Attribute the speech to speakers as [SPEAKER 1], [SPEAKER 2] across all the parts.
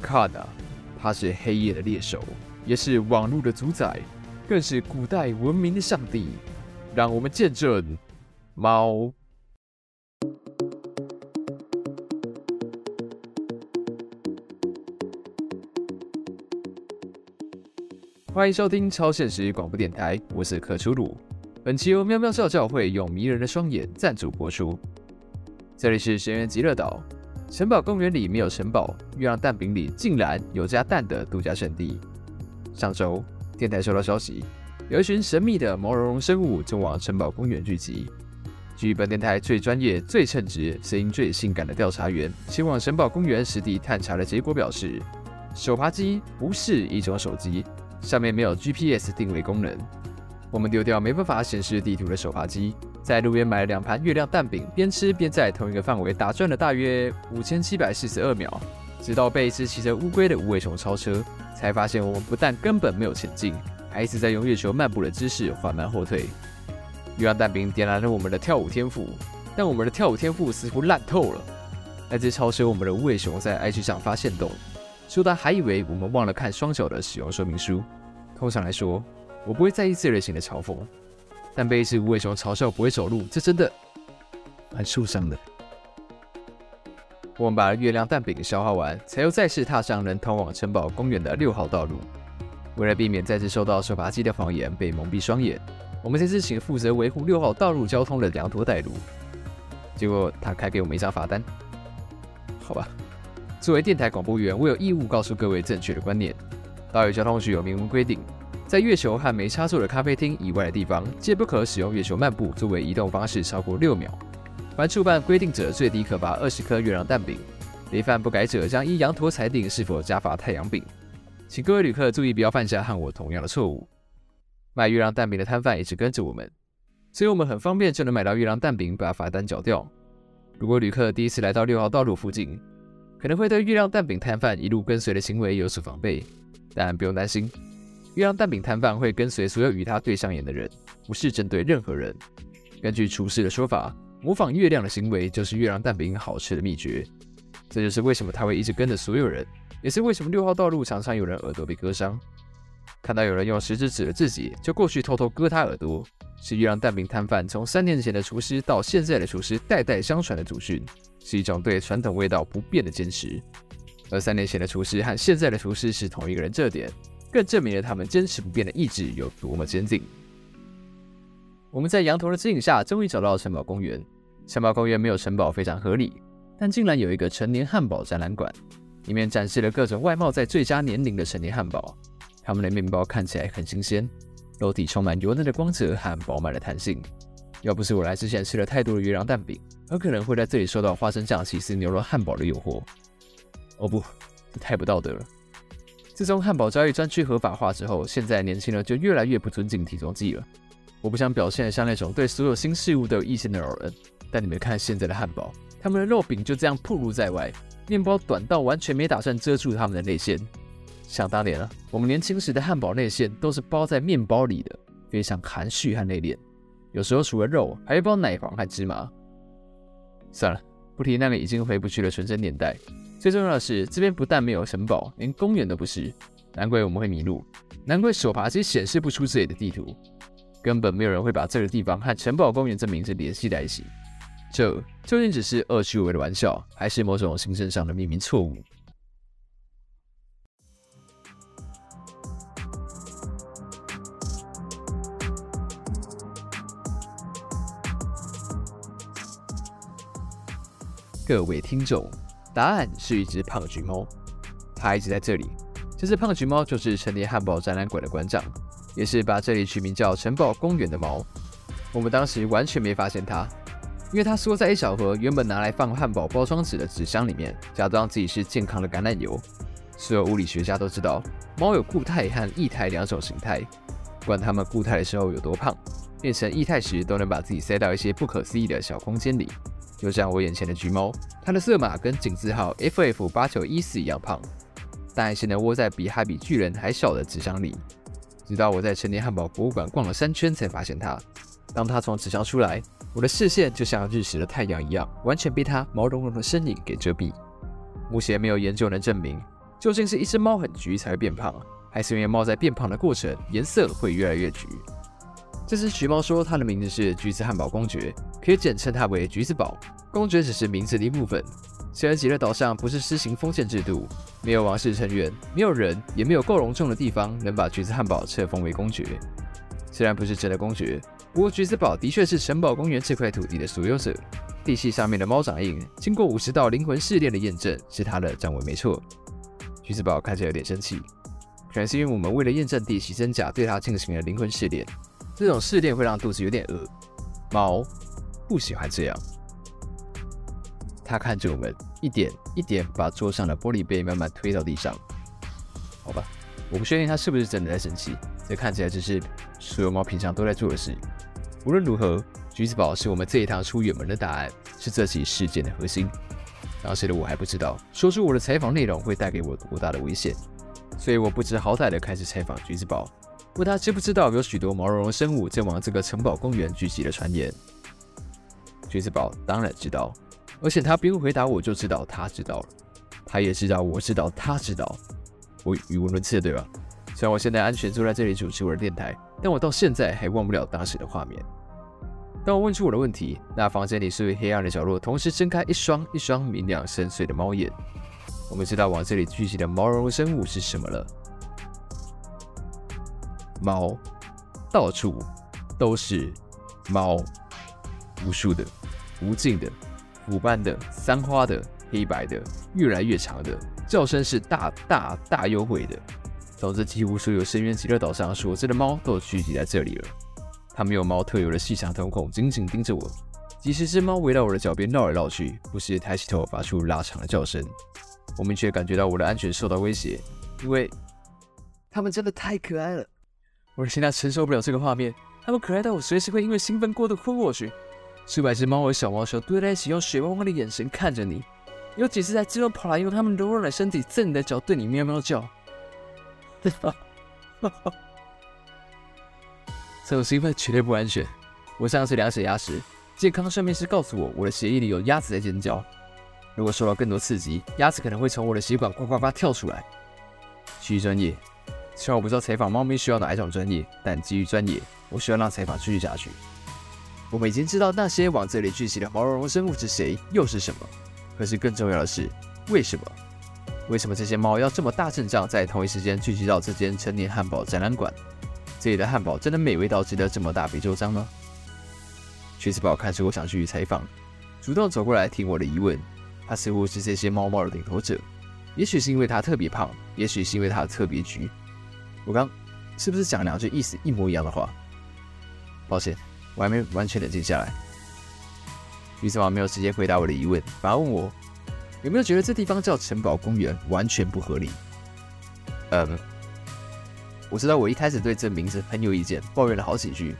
[SPEAKER 1] 看啊，ana，他是黑夜的獵手，也是網路的主宰，更是古代文明的上帝。讓我們見證貓。貓歡迎收聽超現實廣播電台，我是克初魯。本期由喵喵教教會用迷人的雙眼贊助播出。這裡是深淵極樂島。城堡公園裡沒有城堡，月亮蛋餅裡竟然有加蛋的度假勝地。上周，電台收到消息，有一群神秘的毛茸茸生物正往城堡公園聚集。據本電台最專業、最稱職、聲音最性感的調查員前往城堡公園實地探查的結果表示，手扒雞不是一種手機，上面沒有 GPS 定位功能。我們丟掉沒辦法顯示地圖的手扒雞，在路邊買了兩盤月亮蛋餅，邊吃邊在同一個範圍打轉了大約五千七百四十二秒，直到被一只騎着烏龜的無尾熊超車，才發現我們不但根本沒有前進，還一直在用月球漫步的姿勢緩慢後退。月亮蛋餅點燃了我們的跳舞天賦，但我們的跳舞天賦似乎爛透了。那只超車我們的無尾熊在 IG 上發限動，說他還以為我們忘了看雙腳的使用說明書。通常來說。我不會在意這類型的嘲諷，但被一隻無尾熊嘲笑不會走路，這真的很受傷的。我們把月亮蛋餅消化完，才又再次踏上能通往城堡公園的六號道路。為了避免再次受到手扒雞的謊言被蒙蔽雙眼，我們這次請負責維護六號道路交通的羊駝帶路，結果他開給我們一張罰單。好吧，作為電台廣播員，我有義務告訴各位正確的觀念。道路交通局有明文規定。在月球和沒插座的咖啡廳以外的地方，皆不可使用月球漫步作為移動方式超過六秒。凡觸犯規定者，最低可罰二十顆月亮蛋餅；屢犯不改者，將依羊駝裁定是否加罰太陽餅。請各位旅客注意，不要犯下和我同樣的錯誤。賣月亮蛋餅的攤販一直跟着我們，所以我們很方便就能買到月亮蛋餅，把罰單繳掉。如果旅客第一次來到六號道路附近，可能會對月亮蛋餅攤販一路跟隨的行為有所防備，但不用擔心。月亮蛋餅攤販會跟隨所有與他對上眼的人，不是針對任何人。根據廚師的說法，模仿月亮的行為就是月亮蛋餅好吃的祕訣。這就是為什麼他會一直跟着所有人，也是為什麼六號道路常常有人耳朵被割傷。看到有人用食指指了自己，就過去偷偷割他耳朵，是月亮蛋餅攤販從三年前的廚師到現在的廚師代代相傳的祖訓，是一種對傳統味道不變的堅持。而三年前的廚師和現在的廚師是同一個人，這點。更證明了他們堅持不變的意志有多麼堅定。我們在羊駝的指引下，終於找到了城堡公園。城堡公園沒有城堡，非常合理，但竟然有一個成年漢堡展覽館，裡面展示了各種外貌在最佳年齡的成年漢堡。他們的麵包看起來很新鮮，肉體充滿油嫩的光澤和飽滿的彈性。要不是我來之前吃了太多的魚羊蛋餅，很可能會在這裡受到花生醬起司牛肉漢堡的誘惑。哦不，這太不道德了。自從漢堡交易專區合法化之後，現在年輕人就越來越不尊敬體重計了。我不想表現得像那種對所有新事物都有意見的老人。但你們看現在的漢堡，他們的肉餅就這樣暴露在外，麵包短到完全沒打算遮住他們的內餡。想當年啊，我們年輕時的漢堡內餡都是包在麵包裡的，非常含蓄和內斂。有時候除了肉，還包奶黃和芝麻。算了，不提那個已經回不去了純真年代。最重要的是，這邊不但沒有城堡，連公園都不是，難怪我們會迷路，難怪手扒雞顯示不出自己的地圖，根本沒有人會把這個地方和城堡公園這名字聯繫在一起。這究竟只是惡趣味的玩笑，還是某種行政上的命名錯誤？各位聽眾。答案是一隻胖橘貓，它一直在這裡。這隻胖橘貓就是成年漢堡展覽館的館長，也是把這裡取名叫“城堡公園”的貓。我們當時完全沒發現它，因為它縮在一小盒原本拿來放漢堡包裝紙的紙箱裡面，假裝自己是健康的橄欖油。所有物理學家都知道，貓有固態和液態兩種形態，不管它們固態的時候有多胖，變成液態時都能把自己塞到一些不可思議的小空間裡，就像我眼前的橘貓。它的色碼跟井字號 F F 八九一四一樣胖，但還是能窩在比哈比巨人還小的紙箱裡，直到我在成年漢堡博物館逛了三圈才發現它。當它從紙箱出來，我的視線就像日食的太陽一樣，完全被它毛茸茸的身影給遮蔽。目前沒有研究能證明，究竟是一隻貓很橘才會變胖，還是因為貓在變胖的過程，顏色會越來越橘。這隻橘貓說：“它的名字是橘子漢堡公爵，可以簡稱它為橘子堡。公爵只是名字的一部分。雖然極樂島上不是施行封建制度，沒有王室成員，沒有人也沒有夠隆重的地方能把橘子漢堡冊封為公爵。雖然不是真的公爵，不過橘子堡的確是城堡公園這塊土地的所有者。地契上面的貓掌印，經過五十道靈魂試煉的驗證，是他的掌紋沒錯。”橘子堡看起來有點生氣，可能是因為我們為了驗證地契真假，對他進行了靈魂試煉。這種試煉會讓肚子有點餓，貓不喜歡這樣。他看着我們，一點一點把桌上的玻璃杯慢慢推到地上。好吧，我不確定他是不是真的在生氣，這看起來只是所有貓平常都在做的事。無論如何，橘子寶是我們這一趟出遠門的答案，是這起事件的核心。當時的我還不知道說出我的採訪內容會帶給我多大的危險，所以我不知好歹的開始採訪橘子寶。問他知不知道有許多毛茸茸生物正往這個城堡公園聚集的傳言？橘子寶當然知道，而且他不用回答我就知道他知道了，他也知道我知道他知道，我語無倫次，對吧？雖然我現在安全坐在這裡主持我的電台，但我到現在還忘不了當時的畫面。當我問出我的問題，那房間裡最黑暗的角落同時睜開一雙一雙明亮深邃的貓眼。我們知道往這裡聚集的毛茸茸生物是什麼了。貓，到處都是貓，無數的、無盡的、虎斑的、三花的、黑白的、越來越長的，叫聲是大大大優惠的。導致幾乎所有深淵極樂島上所知的貓，都聚集在這裡了。它們用貓特有的細長瞳孔緊緊盯着我，幾十隻貓圍繞我的腳邊繞來繞去，不時抬起頭發出拉長的叫聲。我明確感覺到我的安全受到威脅，因為它們真的太可愛了。我現在承受不了這個畫面，他們可愛到我隨時會因為興奮過度哭過去。數百只貓和小貓球堆在一起，用水汪汪的眼神看着你，有幾次在激動跑來用，用他們柔軟的身體蹭你的腳，對你喵喵叫。這種興奮絕對不安全。我上次量血壓時，健康算命師告訴我，我的血液裡有鴨子在尖叫。如果受到更多刺激，鴨子可能會從我的血管呱呱呱跳出來。需專業。雖然我不知道採訪貓咪需要哪一種專業，但基於專業，我需要讓採訪繼續下去。我們已經知道那些往這裡聚集的毛茸茸生物是誰，又是什麼。可是更重要的是，為什麼？為什麼這些貓要這麼大陣仗，在同一時間聚集到這間成年漢堡展覽館？這裡的漢堡真的美味到值得這麼大費周章嗎？橘子貓看出我想繼續採訪，主動走過來聽我的疑問。它似乎是這些貓貓的領頭者，也許是因為它特別胖，也許是因為它特別橘。我剛是不是講了兩句意思一模一樣的話？抱歉，我還沒完全冷靜下來。於是我沒有直接回答我的疑問，反而問我有沒有覺得這地方叫城堡公園完全不合理？嗯，我知道我一開始對這名字很有意見，抱怨了好幾句。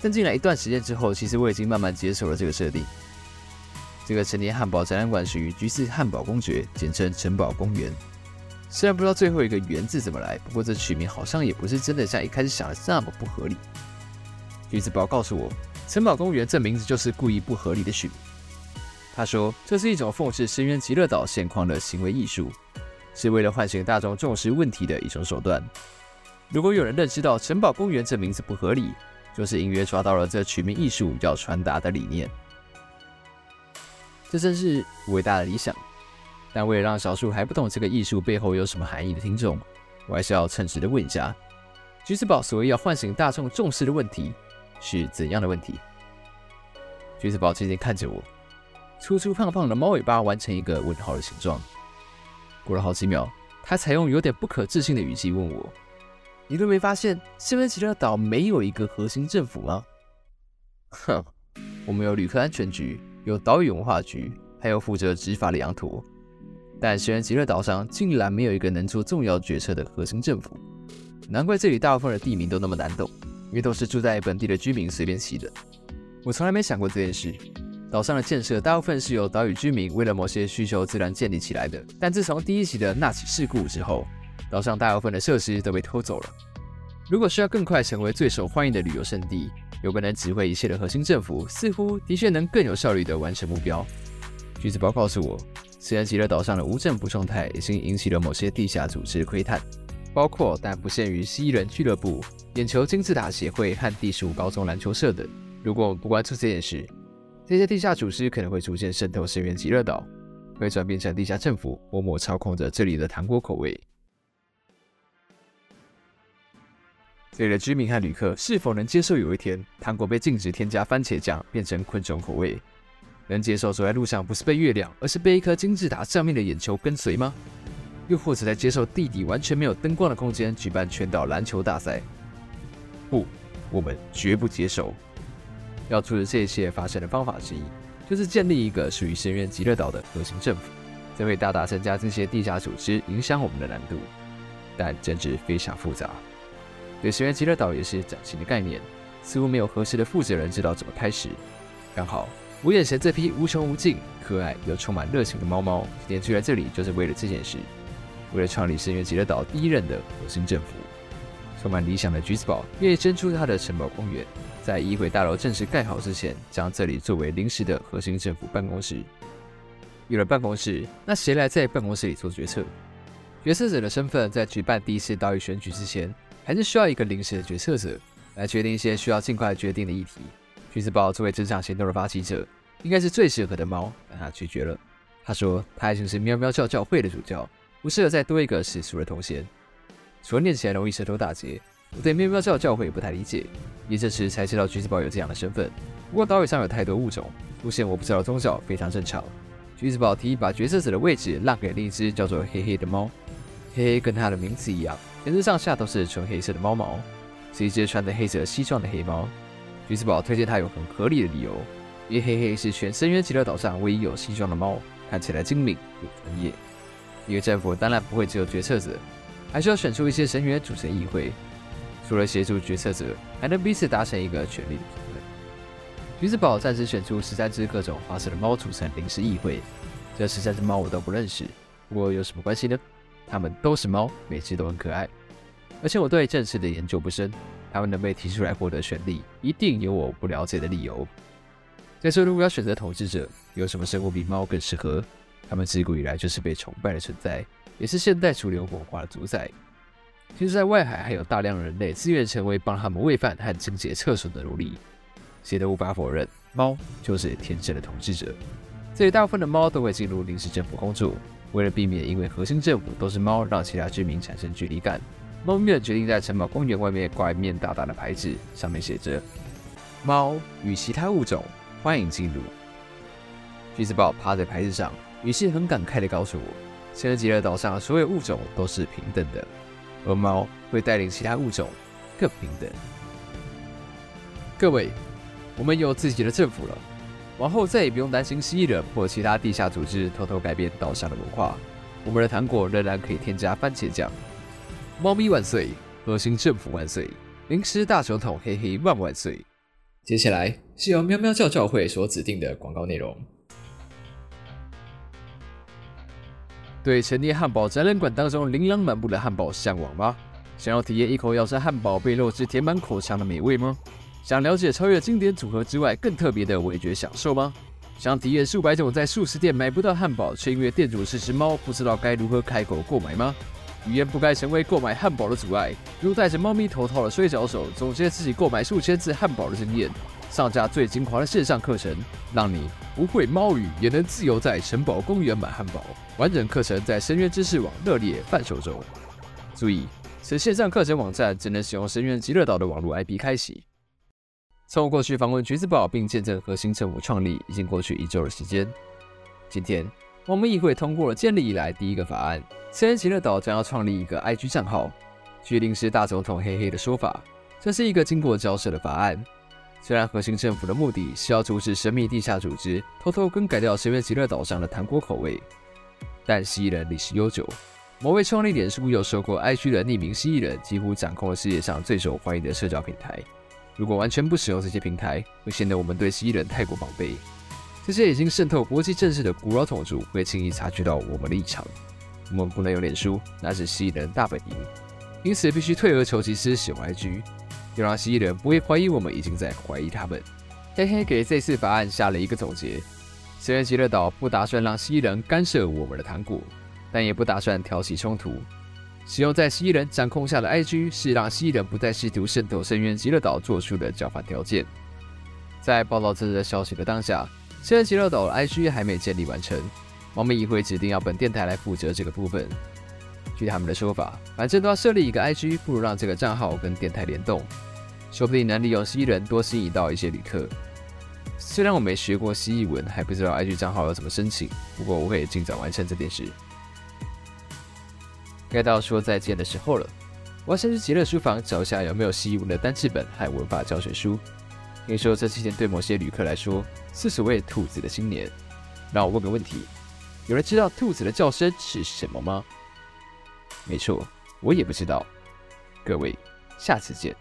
[SPEAKER 1] 但進來一段時間之後，其實我已經慢慢接受了這個設定。這個“城年漢堡展覽館”屬於橘子漢堡公爵，簡稱“城堡公園”。雖然不知道最後一個“園”字怎麼來，不過這取名好像也不是真的像一開始想的那麼不合理。橘子包告訴我，城堡公園這名字就是故意不合理的取名。他說，這是一種諷刺深淵極樂島現況的行為藝術，是為了喚醒大眾重視問題的一種手段。如果有人認識到城堡公園這名字不合理，就是隱約抓到了這取名藝術要傳達的理念。這真是偉大的理想。但為了讓少數還不懂這個藝術背後有什麼含義的聽眾，我還是要稱職的問一下：橘子寶所謂要喚醒大眾重視的問題是怎樣的問題？橘子寶直接看着我，粗粗胖胖的貓尾巴完成一個問號的形狀。過了好幾秒，他才用有點不可置信的語氣問我：“你都沒發現深淵極樂島沒有一個核心政府嗎？”“哼，我們有旅客安全局，有島嶼文化局，還有負責執法的羊駝。”但雖然極樂島上竟然沒有一個能做重要決策的核心政府，難怪這裡大部分的地名都那麼難懂，因為都是住在本地的居民隨便起的。我從來沒想過這件事。島上的建設大部分是由島嶼居民為了某些需求自然建立起來的。但自從第一集的那起事故之後，島上大部分的設施都被偷走了。如果需要更快成為最受歡迎的旅遊勝地，有個能指揮一切的核心政府，似乎的確能更有效率地完成目標。橘子包告訴我。雖然極樂島上的無政府狀態已經引起了某些地下組織的窺探，包括但不限於蜥蜴人俱樂部、眼球金字塔協會和第十五高中籃球社等。如果我不關注這件事，這些地下組織可能會逐漸滲透，深淵極樂島會轉變成地下政府，默默操控着這裡的糖果口味。這裡的居民和旅客是否能接受有一天糖果被禁止添加番茄醬，變成昆蟲口味？能接受走在路上不是被月亮，而是被一顆金字塔上面的眼球跟隨嗎？又或者在接受地底完全沒有燈光的空間舉辦全島籃球大賽？不，我們絕不接受。要阻止這些發生的方法之一，就是建立一個屬於深淵極樂島的核心政府，這會大大增加這些地下組織影響我們的難度。但政治非常複雜，對深淵極樂島也是嶄新的概念，似乎沒有合適的負責人知道怎麼開始。剛好。我眼前這批無窮無盡、可愛又充滿熱情的貓貓，今天聚在這裡就是為了這件事。為了創立深淵極樂島第一任的核心政府，充滿理想的橘子堡願意捐出它的城堡公園，在議會大樓正式蓋好之前，將這裡作為臨時的核心政府辦公室。有了辦公室，那誰來在辦公室裡做決策？決策者的身份在舉辦第一次島嶼選舉之前，還是需要一個臨時的決策者來決定一些需要儘快決定的議題。橘子寶作為職場行動的發起者，應該是最適合的貓，但他拒絕了。他說他已經是喵喵教教會的主教，不適合再多一個世俗的頭銜。除了念起來容易舌頭打結，我對喵喵教教會也不太理解。也這時才知道橘子寶有這樣的身份。不過島嶼上有太多物種，出現我不知道的宗教非常正常。橘子寶提議把決策者的位置讓給另一隻叫做黑黑的貓。黑黑跟它的名字一樣，全身上下都是純黑色的貓毛，是一隻穿着黑色西裝的黑貓。橘子寶推薦他有很合理的理由，因為黑黑是全深淵極樂島上唯一有西裝的貓，看起來精明又專業。一個政府當然不會只有決策者，還需要選出一些成員組成議會，除了協助決策者，還能彼此達成一個權力的平衡。橘子寶暫時選出十三只各種花色的貓組成臨時議會，這十三只貓我都不認識，不過有什麼關係呢？它們都是貓，每只都很可愛，而且我對政事的研究不深。他們能被提出來獲得權利，一定有我不了解的理由。再說，如果要選擇統治者，有什麼生物比貓更適合？他們自古以來就是被崇拜的存在，也是現代主流文化的主宰。其實在外海還有大量人類自願成為幫他們餵飯和清潔廁所的奴隸。誰都無法否認，貓就是天生的統治者。這裡大部分的貓都會進入臨時政府工作，為了避免因為核心政府都是貓，讓其他居民產生距離感。貓咪們決定在城堡公園外面掛一面大大的牌子，上面寫着“貓與其他物種歡迎進入” G。橘子豹趴在牌子上，於是很感慨地告訴我：“現在吉爾島上所有物種都是平等的，而貓會帶領其他物種更平等。”各位，我們有自己的政府了，往後再也不用擔心蜥蜴人或其他地下組織偷偷改變島上的文化。我們的糖果仍然可以添加番茄醬。貓咪萬歲，核心政府萬歲，臨時大總統嘿嘿萬萬歲。接下來是由喵喵教教會所指定的廣告內容。對陳列漢堡展覽館當中琳琅滿目的漢堡嚮往嗎？想要體驗一口咬下漢堡被肉汁填滿口腔的美味嗎？想了解超越經典組合之外更特別的味覺享受嗎？想體驗數百種在素食店買不到漢堡，卻因為店主是只貓，不知道該如何開口購買嗎？語言不該成為購買漢堡的阻礙。如戴着貓咪頭套的摔跤手總結自己購買數千次漢堡的經驗，上架最精華的線上課程，讓你不會貓語也能自由在城堡公園買漢堡。完整課程在深淵知識網熱烈販售中。注意，此線上課程網站只能使用深淵極樂島的網絡 IP 開啟。從我過去訪問橘子堡並見證核心政府創立已經過去一周的時間。今天。我們議會通過了建立以來第一個法案，深淵極樂島將要創立一個 IG 賬號。據臨時大總統黑黑的說法，這是一個經過交涉的法案。雖然核心政府的目的是要阻止神秘地下組織偷偷更改掉深淵極樂島上的糖果口味，但蜥蜴人歷史悠久，某位創立點數又受過 IG 的匿名蜥蜴人幾乎掌控了世界上最受歡迎的社交平台。如果完全不使用這些平台，會顯得我們對蜥蜴人太過防備。這些已經滲透國際政治的古老種族會輕易察覺到我們的立場。我們不能有臉書，那是蜥蜴人大本營，因此必須退而求其次使用 IG，要讓蜥蜴人不會懷疑我們已經在懷疑他們。嘿嘿，給這次法案下了一個總結：雖然極樂島不打算讓蜥蜴人干涉我們的談骨，但也不打算挑起衝突。使用在蜥蜴人掌控下的 IG 是讓蜥蜴人不再試圖滲透深淵極樂島做出的交換條件。在報道這則消息的當下。雖然極樂島的 IG 還沒建立完成，貓咪議會指定要本電台來負責這個部分。據他們的說法，反正都要設立一個 IG，不如讓這個賬號跟電台聯動，說不定能利用蜥蜴人多吸引到一些旅客。雖然我沒學過蜥蜴文，還不知道 IG 賬號要怎麼申請，不過我會盡早完成這件事。該到說再見的時候了，我要先去極樂書房找一下有沒有蜥蜴文的單字本和文法教學書。聽說這期間，對某些旅客來說是所謂“兔子”的新年。那我問個問題，有人知道兔子的叫聲是什麼嗎？沒錯，我也不知道。各位，下次見。